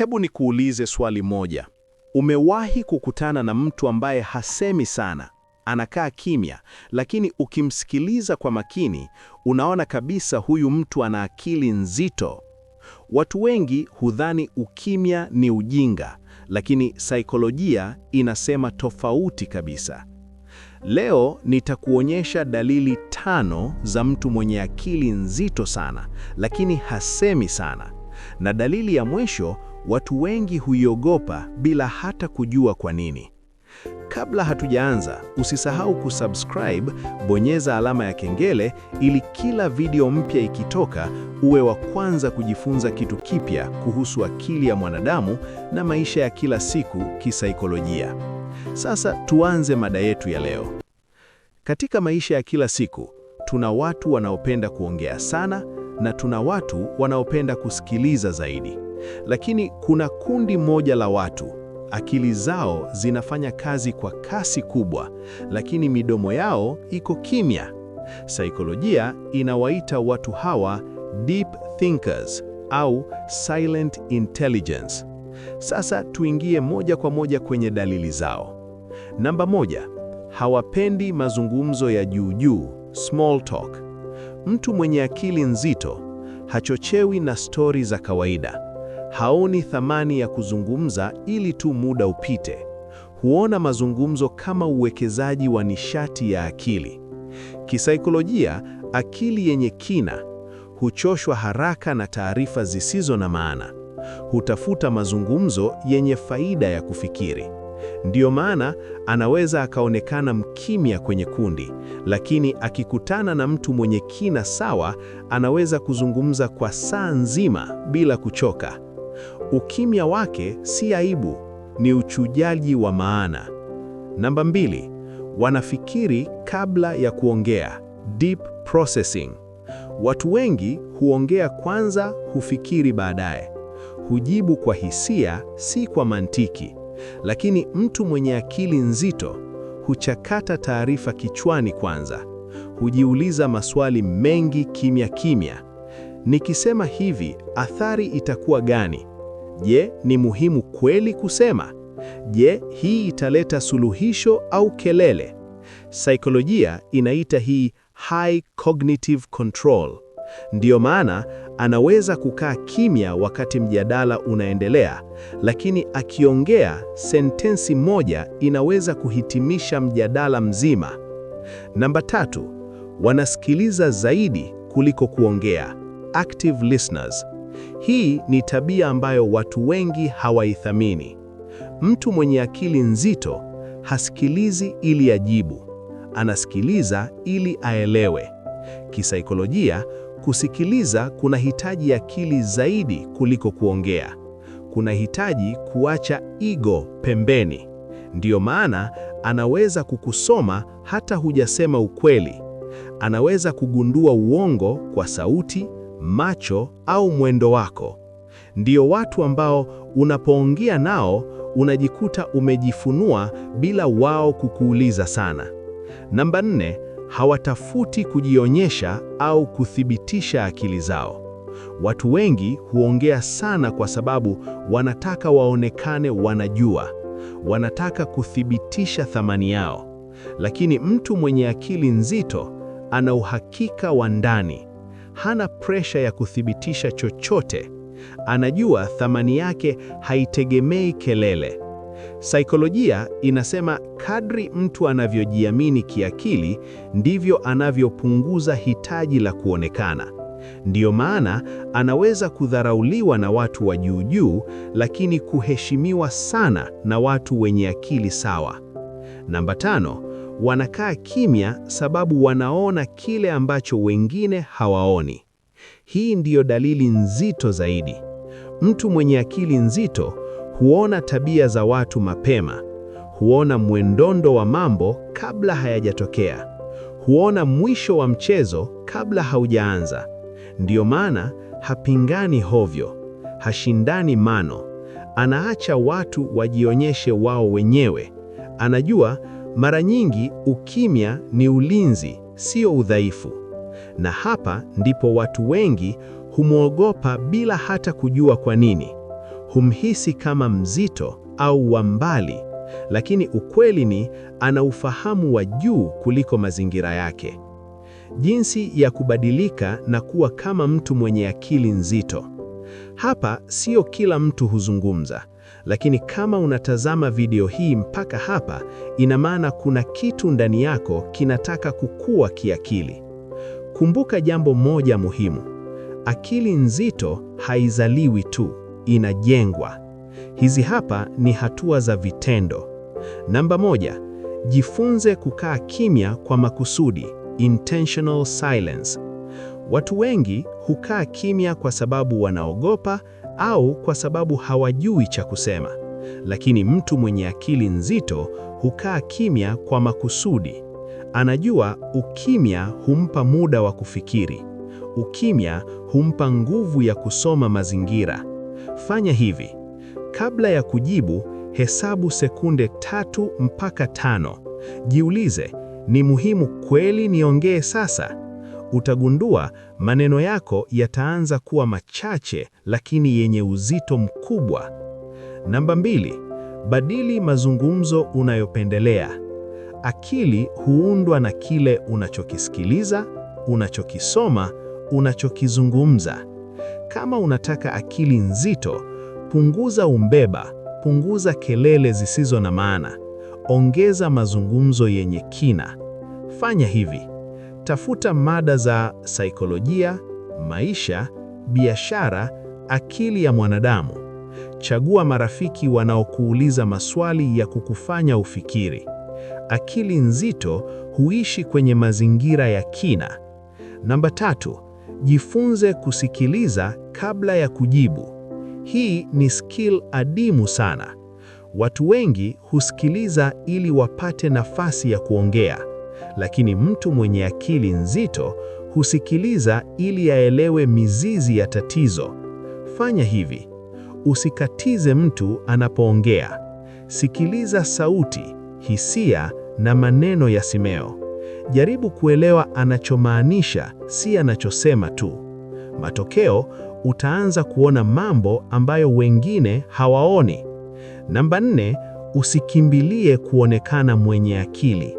Hebu nikuulize swali moja. Umewahi kukutana na mtu ambaye hasemi sana, anakaa kimya, lakini ukimsikiliza kwa makini, unaona kabisa huyu mtu ana akili nzito. Watu wengi hudhani ukimya ni ujinga, lakini saikolojia inasema tofauti kabisa. Leo nitakuonyesha dalili tano za mtu mwenye akili nzito sana, lakini hasemi sana. Na dalili ya mwisho Watu wengi huiogopa bila hata kujua kwa nini. Kabla hatujaanza, usisahau kusubscribe, bonyeza alama ya kengele ili kila video mpya ikitoka uwe wa kwanza kujifunza kitu kipya kuhusu akili ya mwanadamu na maisha ya kila siku kisaikolojia. Sasa tuanze mada yetu ya leo. Katika maisha ya kila siku, tuna watu wanaopenda kuongea sana na tuna watu wanaopenda kusikiliza zaidi. Lakini kuna kundi moja la watu, akili zao zinafanya kazi kwa kasi kubwa, lakini midomo yao iko kimya. Saikolojia inawaita watu hawa deep thinkers au silent intelligence. Sasa tuingie moja kwa moja kwenye dalili zao. Namba moja, hawapendi mazungumzo ya juu juu, small talk. Mtu mwenye akili nzito hachochewi na stori za kawaida haoni thamani ya kuzungumza ili tu muda upite. Huona mazungumzo kama uwekezaji wa nishati ya akili. Kisaikolojia, akili yenye kina huchoshwa haraka na taarifa zisizo na maana, hutafuta mazungumzo yenye faida ya kufikiri. Ndiyo maana anaweza akaonekana mkimya kwenye kundi, lakini akikutana na mtu mwenye kina sawa, anaweza kuzungumza kwa saa nzima bila kuchoka. Ukimya wake si aibu, ni uchujaji wa maana. Namba mbili, wanafikiri kabla ya kuongea, deep processing. Watu wengi huongea kwanza, hufikiri baadaye, hujibu kwa hisia, si kwa mantiki. Lakini mtu mwenye akili nzito huchakata taarifa kichwani kwanza, hujiuliza maswali mengi kimya kimya. Nikisema hivi, athari itakuwa gani? Je, ni muhimu kweli kusema? Je, hii italeta suluhisho au kelele? Saikolojia inaita hii high cognitive control. Ndiyo maana anaweza kukaa kimya wakati mjadala unaendelea, lakini akiongea sentensi moja inaweza kuhitimisha mjadala mzima. Namba tatu, wanasikiliza zaidi kuliko kuongea, active listeners. Hii ni tabia ambayo watu wengi hawaithamini. Mtu mwenye akili nzito hasikilizi ili ajibu, anasikiliza ili aelewe. Kisaikolojia, kusikiliza kuna hitaji akili zaidi kuliko kuongea. kuna hitaji kuacha ego pembeni. Ndiyo maana anaweza kukusoma hata hujasema ukweli. Anaweza kugundua uongo kwa sauti macho au mwendo wako. Ndio watu ambao unapoongea nao unajikuta umejifunua bila wao kukuuliza sana. Namba nne, hawatafuti kujionyesha au kuthibitisha akili zao. Watu wengi huongea sana kwa sababu wanataka waonekane wanajua, wanataka kuthibitisha thamani yao. Lakini mtu mwenye akili nzito ana uhakika wa ndani hana presha ya kuthibitisha chochote. Anajua thamani yake haitegemei kelele. Saikolojia inasema kadri mtu anavyojiamini kiakili ndivyo anavyopunguza hitaji la kuonekana. Ndiyo maana anaweza kudharauliwa na watu wa juu juu, lakini kuheshimiwa sana na watu wenye akili sawa. Namba tano. Wanakaa kimya sababu wanaona kile ambacho wengine hawaoni. Hii ndiyo dalili nzito zaidi. Mtu mwenye akili nzito huona tabia za watu mapema, huona mwendondo wa mambo kabla hayajatokea, huona mwisho wa mchezo kabla haujaanza. Ndiyo maana hapingani hovyo, hashindani mano, anaacha watu wajionyeshe wao wenyewe. Anajua mara nyingi ukimya ni ulinzi, sio udhaifu. Na hapa ndipo watu wengi humwogopa bila hata kujua kwa nini. Humhisi kama mzito au wa mbali, lakini ukweli ni ana ufahamu wa juu kuliko mazingira yake. Jinsi ya kubadilika na kuwa kama mtu mwenye akili nzito. Hapa sio kila mtu huzungumza, lakini kama unatazama video hii mpaka hapa, ina maana kuna kitu ndani yako kinataka kukua kiakili. Kumbuka jambo moja muhimu. Akili nzito haizaliwi tu, inajengwa. Hizi hapa ni hatua za vitendo. Namba moja, jifunze kukaa kimya kwa makusudi, intentional silence. Watu wengi hukaa kimya kwa sababu wanaogopa au kwa sababu hawajui cha kusema. Lakini mtu mwenye akili nzito hukaa kimya kwa makusudi. Anajua ukimya humpa muda wa kufikiri. Ukimya humpa nguvu ya kusoma mazingira. Fanya hivi. Kabla ya kujibu, hesabu sekunde tatu mpaka tano. Jiulize, ni muhimu kweli niongee sasa? utagundua maneno yako yataanza kuwa machache lakini yenye uzito mkubwa. Namba mbili, badili mazungumzo unayopendelea. Akili huundwa na kile unachokisikiliza, unachokisoma, unachokizungumza. Kama unataka akili nzito, punguza umbeba, punguza kelele zisizo na maana, ongeza mazungumzo yenye kina. Fanya hivi: Tafuta mada za saikolojia, maisha, biashara, akili ya mwanadamu. Chagua marafiki wanaokuuliza maswali ya kukufanya ufikiri. Akili nzito huishi kwenye mazingira ya kina. Namba tatu, jifunze kusikiliza kabla ya kujibu. Hii ni skill adimu sana. Watu wengi husikiliza ili wapate nafasi ya kuongea, lakini mtu mwenye akili nzito husikiliza ili aelewe mizizi ya tatizo. Fanya hivi: usikatize mtu anapoongea, sikiliza sauti, hisia na maneno ya Simeo. Jaribu kuelewa anachomaanisha, si anachosema tu. Matokeo, utaanza kuona mambo ambayo wengine hawaoni. Namba nne, usikimbilie kuonekana mwenye akili.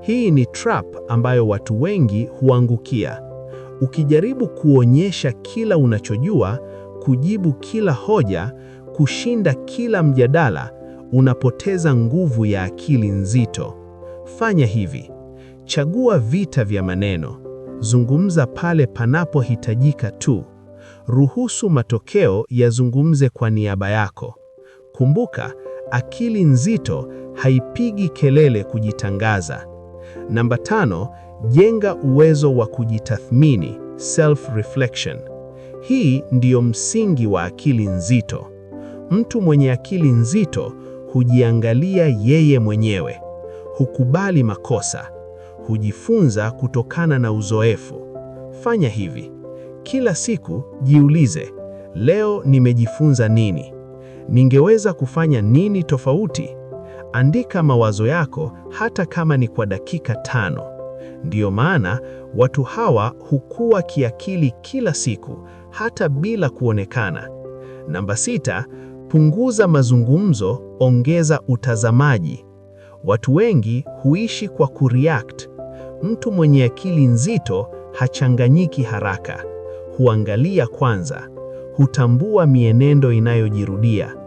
Hii ni trap ambayo watu wengi huangukia. Ukijaribu kuonyesha kila unachojua, kujibu kila hoja, kushinda kila mjadala, unapoteza nguvu ya akili nzito. Fanya hivi: chagua vita vya maneno, zungumza pale panapohitajika tu, ruhusu matokeo yazungumze kwa niaba yako. Kumbuka, akili nzito haipigi kelele kujitangaza. Namba tano, jenga uwezo wa kujitathmini, self reflection. Hii ndiyo msingi wa akili nzito. Mtu mwenye akili nzito hujiangalia yeye mwenyewe, hukubali makosa, hujifunza kutokana na uzoefu. Fanya hivi kila siku, jiulize, leo nimejifunza nini? Ningeweza kufanya nini tofauti? Andika mawazo yako hata kama ni kwa dakika tano. Ndiyo maana watu hawa hukua kiakili kila siku hata bila kuonekana. Namba sita, punguza mazungumzo, ongeza utazamaji. Watu wengi huishi kwa kureact. Mtu mwenye akili nzito hachanganyiki haraka. Huangalia kwanza, hutambua mienendo inayojirudia.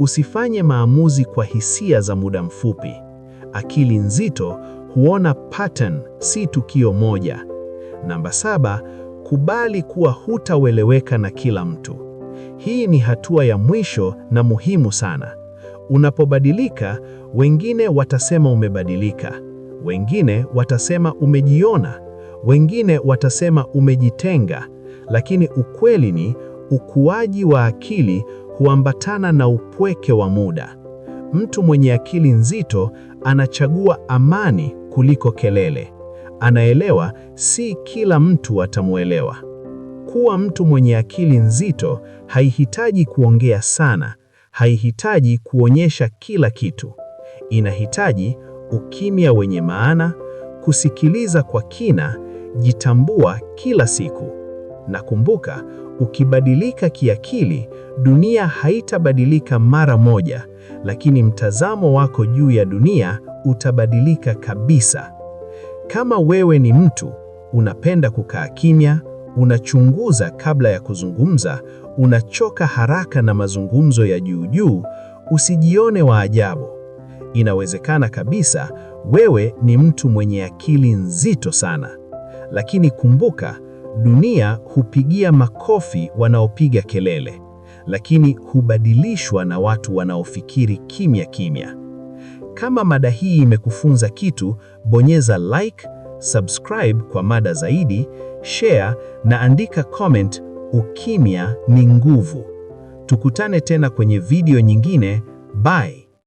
Usifanye maamuzi kwa hisia za muda mfupi. Akili nzito huona pattern, si tukio moja. Namba saba, kubali kuwa hutaeleweka na kila mtu. Hii ni hatua ya mwisho na muhimu sana. Unapobadilika, wengine watasema umebadilika, wengine watasema umejiona, wengine watasema umejitenga, lakini ukweli ni ukuaji wa akili huambatana na upweke wa muda. Mtu mwenye akili nzito anachagua amani kuliko kelele. Anaelewa si kila mtu atamwelewa. Kuwa mtu mwenye akili nzito haihitaji kuongea sana, haihitaji kuonyesha kila kitu. Inahitaji ukimya wenye maana, kusikiliza kwa kina, jitambua kila siku. Na kumbuka Ukibadilika kiakili, dunia haitabadilika mara moja, lakini mtazamo wako juu ya dunia utabadilika kabisa. Kama wewe ni mtu unapenda kukaa kimya, unachunguza kabla ya kuzungumza, unachoka haraka na mazungumzo ya juu juu, usijione wa ajabu. Inawezekana kabisa wewe ni mtu mwenye akili nzito sana. Lakini kumbuka, Dunia hupigia makofi wanaopiga kelele, lakini hubadilishwa na watu wanaofikiri kimya kimya. Kama mada hii imekufunza kitu, bonyeza like, subscribe kwa mada zaidi, share na andika comment. Ukimya ni nguvu. Tukutane tena kwenye video nyingine. Bye.